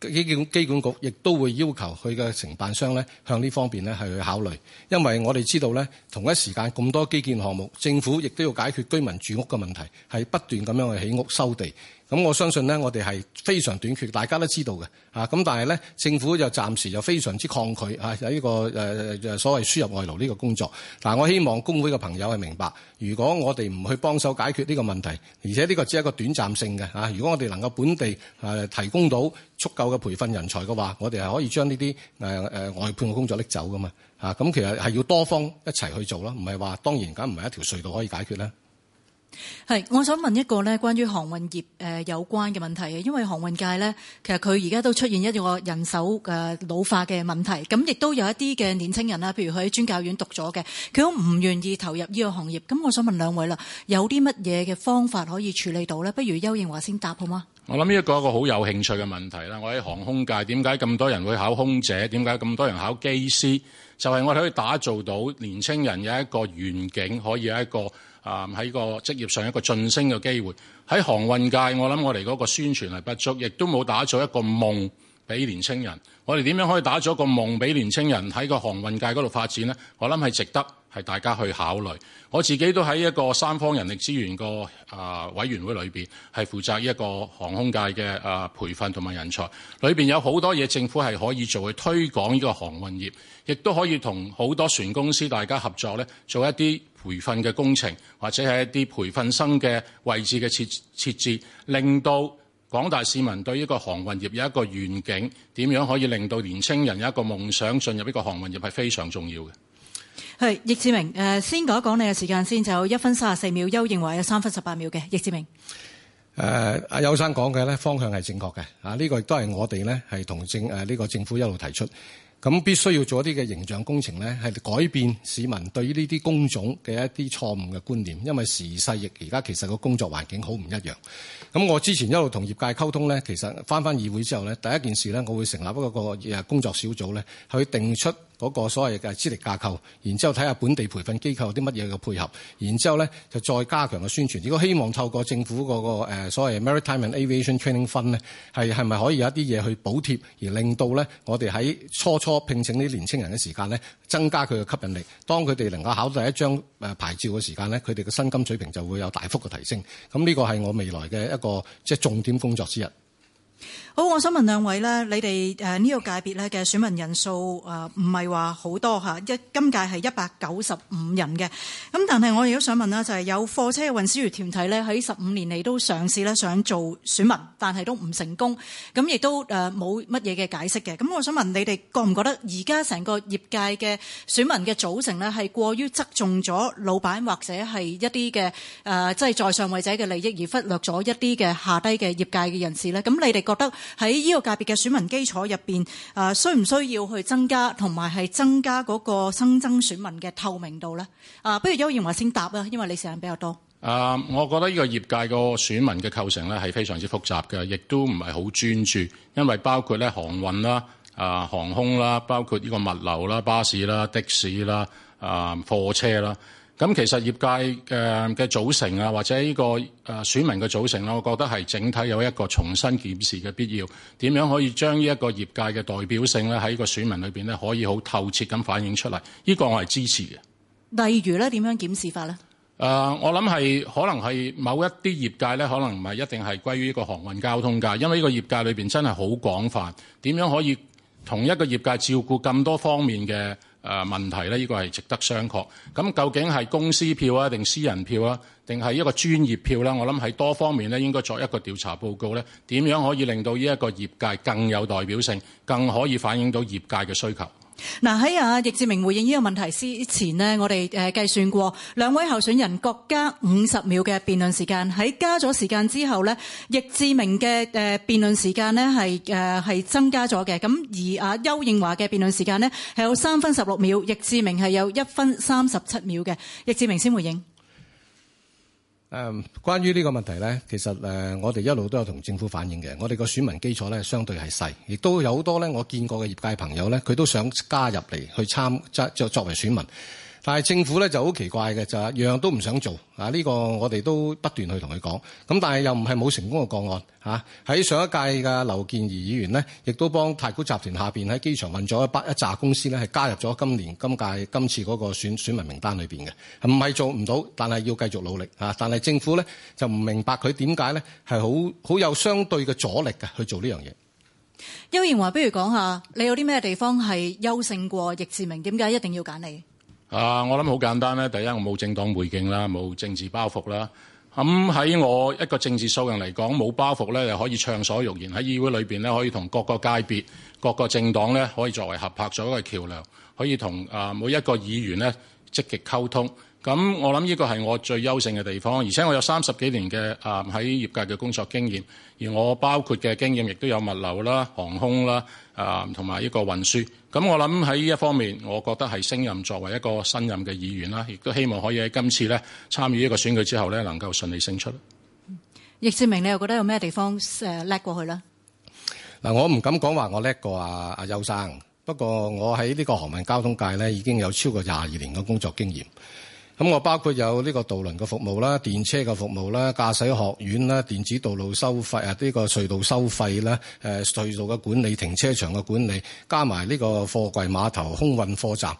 基建機管局亦都會要求佢嘅承辦商咧向呢方面咧係去考慮，因為我哋知道咧同一時間咁多基建項目，政府亦都要解決居民住屋嘅問題，係不斷咁樣去起屋收地。咁我相信咧，我哋係非常短缺，大家都知道嘅咁，啊、但係咧，政府就暫時就非常之抗拒有呢、啊這個誒、呃、所謂輸入外勞呢個工作。但、啊、我希望工會嘅朋友係明白，如果我哋唔去幫手解決呢個問題，而且呢個只係一個短暫性嘅、啊、如果我哋能夠本地提供到足夠嘅培訓人才嘅話，我哋係可以將呢啲外判嘅工作拎走噶嘛，咁、啊啊、其實係要多方一齊去做咯，唔係話當然梗唔係一條隧道可以解決咧。係，我想問一個呢，關於航運業誒有關嘅問題啊，因為航運界呢，其實佢而家都出現一個人手誒老化嘅問題，咁亦都有一啲嘅年輕人啦，譬如佢喺專教院讀咗嘅，佢都唔願意投入呢個行業。咁我想問兩位啦，有啲乜嘢嘅方法可以處理到呢？不如丘應樺先答好嗎？我諗呢一個一個好有興趣嘅問題啦。我喺航空界，點解咁多人會考空姐？點解咁多人考機師？就係、是、我哋可以打造到年青人有一個願景，可以有一個。啊！喺個職業上一個晉升嘅機會，喺航運界，我諗我哋嗰個宣傳係不足，亦都冇打造一個夢俾年青人。我哋點樣可以打造一個夢俾年青人喺個航運界嗰度發展呢？我諗係值得係大家去考慮。我自己都喺一個三方人力資源個啊委員會裏面，係負責一個航空界嘅啊培訓同埋人才。裏面有好多嘢政府係可以做，去推廣呢個航運業，亦都可以同好多船公司大家合作呢做一啲，培訓嘅工程，或者係一啲培訓生嘅位置嘅設設置，令到廣大市民對呢個航運業有一個願景，點樣可以令到年輕人有一個夢想進入呢個航運業係非常重要嘅。係，易志明，誒、呃、先講一講你嘅時間先，就有一分三十四秒。丘應樺有三分十八秒嘅，易志明。誒、呃，阿丘生講嘅咧方向係正確嘅，啊呢、這個亦都係我哋咧係同政誒呢個政府一路提出。咁必須要做一啲嘅形象工程呢，係改變市民對於呢啲工種嘅一啲錯誤嘅觀念，因為時勢亦而家其實個工作環境好唔一樣。咁我之前一路同業界溝通呢，其實返返議會之後呢，第一件事呢，我會成立一個個工作小組呢去定出。嗰個所謂嘅資歷架構，然之後睇下本地培訓機構有啲乜嘢嘅配合，然之後咧就再加強嘅宣傳。如果希望透過政府嗰個誒所謂 maritime and aviation training Fund 咧，係係咪可以有一啲嘢去補貼，而令到咧我哋喺初初聘請啲年青人嘅時間咧，增加佢嘅吸引力。當佢哋能夠考第一張誒牌照嘅時間咧，佢哋嘅薪金水平就會有大幅嘅提升。咁呢個係我未來嘅一個即係重點工作之一。好，我想問兩位咧，你哋誒、呢個界別咧嘅選民人數誒唔係話好多吓，一今屆係一百九十五人嘅。咁但係我亦都想問啦，就係有貨車嘅運輸員團體咧喺十五年嚟，都嘗試咧想做選民，但係都唔成功。咁亦都誒冇乜嘢嘅解釋嘅。咁我想問你哋覺唔覺得而家成個業界嘅選民嘅組成咧係過於側重咗老闆或者係一啲嘅誒即係在上位者嘅利益，而忽略咗一啲嘅下低嘅業界嘅人士咧。咁你哋？覺得喺呢個界別嘅選民基礎入邊，誒、啊、需唔需要去增加，同埋係增加嗰個新增選民嘅透明度咧？啊，不如丘應樺先答啦，因為你時間比較多。誒、呃，我覺得呢個業界個選民嘅構成咧係非常之複雜嘅，亦都唔係好專注，因為包括咧航運啦、誒、啊、航空啦，包括呢個物流啦、巴士啦、啊、的士啦、誒、啊、貨車啦。咁其實業界嘅嘅組成啊，或者呢個誒選民嘅組成咧，我覺得係整體有一個重新檢視嘅必要。點樣可以將呢一個業界嘅代表性咧喺個選民裏邊咧，可以好透徹咁反映出嚟？呢個我係支持嘅。例如咧，點樣檢視法咧？誒、呃，我諗係可能係某一啲業界咧，可能唔係一,一定係歸於呢個航運交通界，因為呢個業界裏邊真係好廣泛。點樣可以同一個業界照顧咁多方面嘅？誒問題呢，呢個係值得商榷。咁究竟係公司票啊，定私人票啊，定係一個專業票咧？我諗喺多方面咧，應該作一個調查報告咧，點樣可以令到呢一個業界更有代表性，更可以反映到業界嘅需求。嗱，喺阿易志明回應呢個問題之前呢，我哋誒計算過兩位候選人各加五十秒嘅辯論時間。喺加咗時間之後呢，易志明嘅辯論時間呢係誒係增加咗嘅。咁而阿丘應樺嘅辯論時間呢係有三分十六秒，易志明係有一分三十七秒嘅。易志明先回應。誒，關於呢個問題呢，其實誒，我哋一路都有同政府反映嘅。我哋個選民基礎呢，相對係細，亦都有好多呢。我見過嘅業界朋友呢，佢都想加入嚟去參，即作作為選民。但係政府咧就好奇怪嘅，就係樣樣都唔想做啊。呢、這個我哋都不斷去同佢講咁，但係又唔係冇成功嘅個案嚇。喺、啊、上一屆嘅劉健儀議員呢，亦都幫太古集團下面喺機場運咗一筆一紮公司咧，係加入咗今年今屆今次嗰個選，選民名單裏面嘅。唔係做唔到，但係要繼續努力啊，但係政府咧就唔明白佢點解咧係好好有相對嘅阻力嘅去做呢樣嘢。丘應樺，不如講下你有啲咩地方係優勝過易志明？點解一定要揀你？啊！我諗好簡單咧，第一我冇政黨背景啦，冇政治包袱啦。咁喺我一個政治素人嚟講，冇包袱咧又可以暢所欲言喺議會裏面，咧，可以同各個界別、各個政黨咧可以作為合拍咗嘅橋梁，可以同啊每一個議員咧積極溝通。咁我諗呢個係我最優勝嘅地方，而且我有三十幾年嘅啊喺業界嘅工作經驗，而我包括嘅經驗亦都有物流啦、航空啦。啊，同埋呢個運輸，咁我諗喺呢一方面，我覺得係升任作為一個新任嘅議員啦，亦都希望可以喺今次咧參與一個選舉之後咧，能夠順利勝出。易志明，你又覺得有咩地方誒叻過去咧？嗱，我唔敢講話我叻過阿阿邱生，不過我喺呢個航運交通界咧，已經有超過廿二年嘅工作經驗。咁我包括有呢個渡輪嘅服務啦、電車嘅服務啦、駕駛學院啦、電子道路收費啊、呢個隧道收費啦、誒，隧道嘅管理、停車場嘅管理，加埋呢個貨櫃碼頭、空運貨站。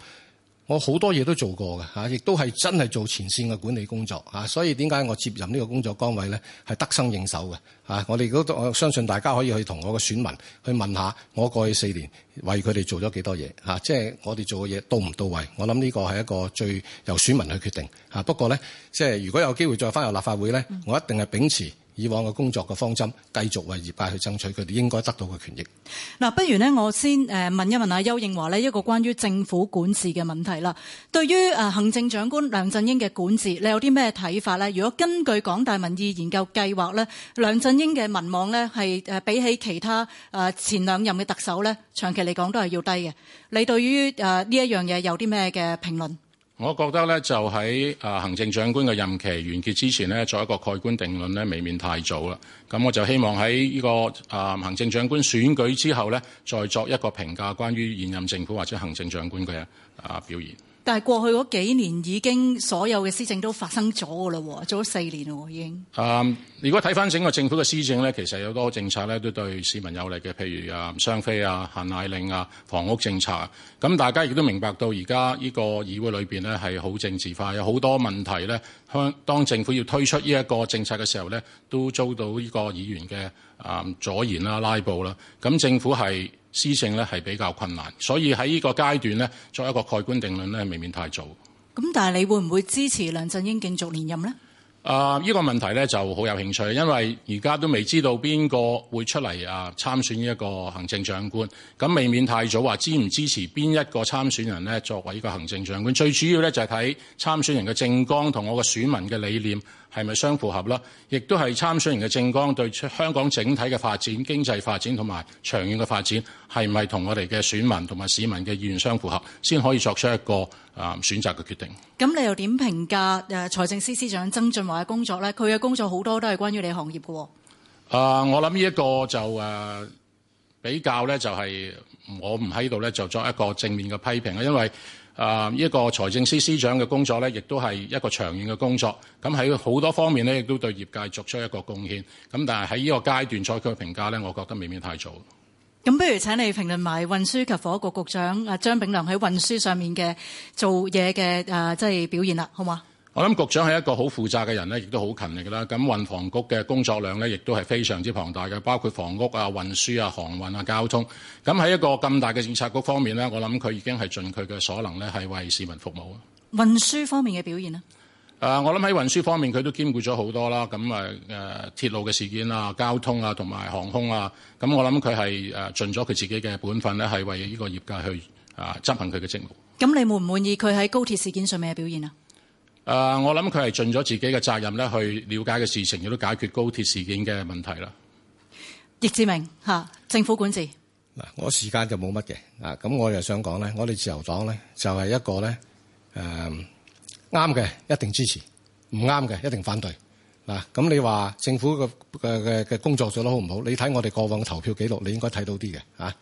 我好多嘢都做過嘅吓，亦都係真係做前線嘅管理工作吓，所以點解我接任呢個工作崗位咧係得心應手嘅吓。我哋都我相信大家可以去同我嘅選民去問下，我過去四年為佢哋做咗幾多嘢吓，即係我哋做嘅嘢到唔到位。我諗呢個係一個最由選民去決定吓。不過咧，即係如果有機會再翻入立法會咧，我一定係秉持。以往嘅工作嘅方針繼續為業界去爭取佢哋應該得到嘅權益。嗱，不如呢，我先誒問一問阿丘應樺呢一個關於政府管治嘅問題啦。對於誒行政長官梁振英嘅管治，你有啲咩睇法呢？如果根據港大民意研究計劃呢，梁振英嘅民望呢，係誒比起其他誒前兩任嘅特首呢，長期嚟講都係要低嘅。你對於誒呢一樣嘢有啲咩嘅評論？我覺得呢就喺行政長官嘅任期完結之前呢，作一個蓋棺定論呢未免太早啦。咁我就希望喺呢個啊行政長官選舉之後呢再作一個評價，關於現任政府或者行政長官嘅啊表現。但係過去嗰幾年已經所有嘅施政都發生咗㗎啦，做咗四年啦，已經誒，um, 如果睇翻整個政府嘅施政咧，其實好多政策咧都對市民有利嘅，譬如誒雙非啊、限奶、啊、令啊、房屋政策。咁大家亦都明白到而家呢個議會裏面咧係好政治化，有好多問題咧，香當政府要推出呢一個政策嘅時候咧，都遭到呢個議員嘅誒阻延啦、拉布啦、啊。咁政府係。施政咧係比較困難，所以喺呢個階段咧作一個蓋棺定論咧，未免太早。咁但係你會唔會支持梁振英競逐連任呢？啊，依、呢個問題咧就好有興趣，因為而家都未知道邊個會出嚟啊參選呢一個行政長官，咁未免太早話支唔支持邊一個參選人咧。作為依個行政長官，最主要咧就係睇參選人嘅政綱同我嘅選民嘅理念。係咪相符合啦？亦都係參選人嘅政綱對香港整體嘅發展、經濟發展同埋長遠嘅發展係唔係同我哋嘅選民同埋市民嘅意願相符合，先可以作出一個啊、嗯、選擇嘅決定。咁你又點評價誒財政司司長曾俊華嘅工作咧？佢嘅工作好多都係關於你行業嘅喎、哦。啊、呃，我諗呢一個就誒、呃、比較咧、就係，就係我唔喺度咧，就作一個正面嘅批評啦，因為。啊！呢一個財政司司長嘅工作咧，亦都係一個長遠嘅工作。咁喺好多方面咧，亦都對業界作出一個貢獻。咁但係喺呢個階段再去評價咧，我覺得未免太早。咁不如請你評論埋運輸及房屋局局長啊張炳良喺運輸上面嘅做嘢嘅誒，即係表現啦，好嗎？我諗局長係一個好負責嘅人咧，亦都好勤力㗎啦。咁運房局嘅工作量咧，亦都係非常之龐大嘅，包括房屋啊、運輸啊、航運啊、交通。咁喺一個咁大嘅政策局方面咧，我諗佢已經係盡佢嘅所能咧，係為市民服務。運輸方面嘅表現呢、啊、誒，我諗喺運輸方面，佢都兼顧咗好多啦。咁誒誒，鐵路嘅事件啊、交通啊、同埋航空啊。咁我諗佢係誒盡咗佢自己嘅本分咧，係為呢個業界去啊執行佢嘅職務。咁你滿唔滿意佢喺高鐵事件上面嘅表現啊？啊！Uh, 我諗佢係盡咗自己嘅責任咧，去了解嘅事情，亦都解決高鐵事件嘅問題啦。易志明嚇、啊，政府管治嗱，我時間就冇乜嘅啊！咁我又想講咧，我哋自由黨咧就係、是、一個咧誒啱嘅一定支持，唔啱嘅一定反對嗱。咁、啊、你話政府嘅嘅嘅工作做得好唔好？你睇我哋過往嘅投票記錄，你應該睇到啲嘅嚇。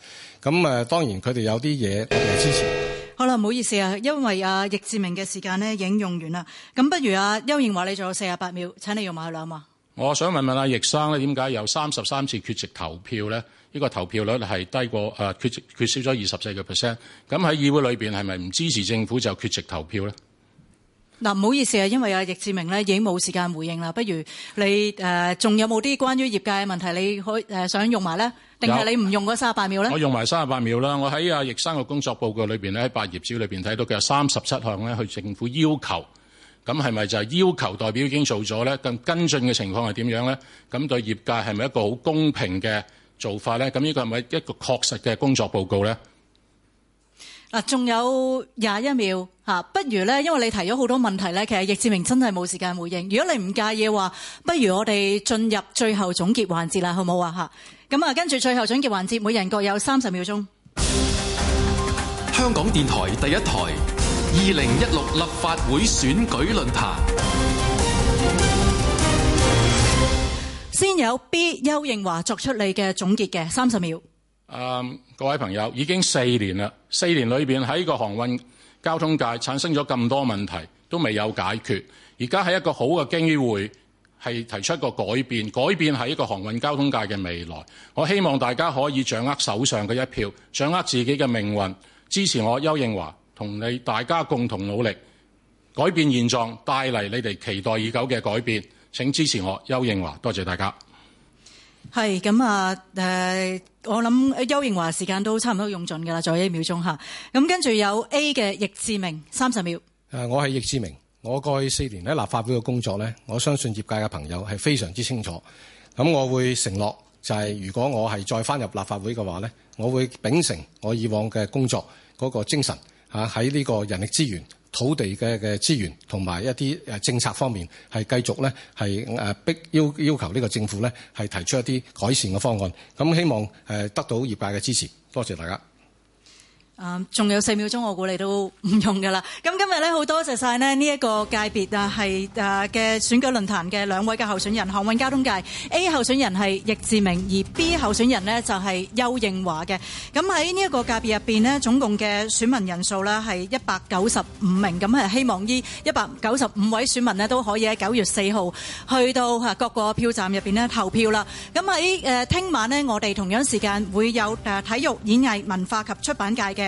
咁啊，啊，當然佢哋有啲嘢我哋係支持。好啦，唔好意思啊，因為阿、啊、易志明嘅時間咧已經用完啦，咁不如啊，丘應樺，你仲有四十八秒，請你用埋佢啦，好嗎？我想問問阿、啊、易生咧，點解有三十三次缺席投票咧？呢、這個投票率係低過誒，缺席缺少咗二十四個 percent，咁喺議會裏邊係咪唔支持政府就缺席投票咧？嗱，唔好意思啊，因為阿易志明咧已經冇時間回應啦。不如你誒仲有冇啲關於業界嘅問題？你可誒想用埋咧，定係你唔用嗰三十八秒咧？我用埋三十八秒啦。我喺阿易生嘅工作報告裏邊咧，喺八頁紙裏邊睇到佢有三十七項咧，去政府要求。咁係咪就係要求代表已經做咗咧？咁跟進嘅情況係點樣咧？咁對業界係咪一個好公平嘅做法咧？咁呢個係咪一個確實嘅工作報告咧？仲有廿一秒嚇，不如呢？因為你提咗好多問題呢，其實易志明真係冇時間回應。如果你唔介意嘅話，不如我哋進入最後總結環節啦，好唔好啊？嚇，咁啊，跟住最後總結環節，每人各有三十秒鐘。香港電台第一台二零一六立法會選舉論壇，先有 B 丘應樺作出你嘅總結嘅三十秒。啊！Um, 各位朋友，已經四年了，四年裏邊喺個航運交通界產生咗咁多問題，都未有解決。而家係一個好嘅機會，係提出一個改變，改變係一個航運交通界嘅未來。我希望大家可以掌握手上嘅一票，掌握自己嘅命運，支持我丘應樺，同你大家共同努力，改變現狀，帶嚟你哋期待已久嘅改變。請支持我丘應樺，多謝大家。係咁啊！誒、呃，我諗丘應樺時間都差唔多用盡噶啦，仲有一秒鐘下咁、啊、跟住有 A 嘅易志明三十秒。誒，我係易志明。我過去四年喺立法會嘅工作咧，我相信業界嘅朋友係非常之清楚。咁我會承諾就係，如果我係再翻入立法會嘅話咧，我會秉承我以往嘅工作嗰個精神喺呢個人力資源，土地嘅嘅資源同埋一啲政策方面，係繼續呢，係逼要要求呢個政府呢，係提出一啲改善嘅方案，咁希望得到業界嘅支持。多謝大家。啊，仲有四秒鐘，我估你都唔用㗎啦。咁今日咧好多謝曬咧呢一個界別啊，係啊嘅選舉論壇嘅兩位嘅候選人，航運交通界 A 候選人係易志明，而 B 候選人咧就係丘應樺嘅。咁喺呢一個界別入邊咧，總共嘅選民人數咧係一百九十五名。咁係希望呢一百九十五位選民咧都可以喺九月四號去到啊各個票站入邊咧投票啦。咁喺誒聽晚咧，我哋同樣時間會有誒體育、演藝、文化及出版界嘅。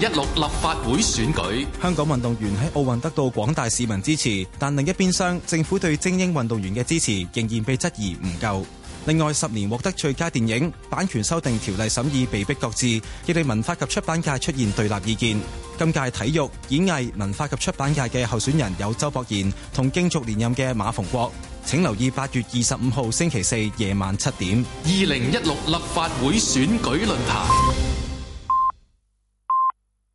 一六立法會選舉，香港運動員喺奧運得到廣大市民支持，但另一邊廂，政府對精英運動員嘅支持仍然被質疑唔夠。另外，十年獲得最佳電影版權修訂條例審議被逼擱置，亦令文化及出版界出現對立意見。今屆體育、演藝、文化及出版界嘅候選人有周博賢同競逐連任嘅馬逢國，請留意八月二十五號星期四夜晚七點，二零一六立法會選舉論壇。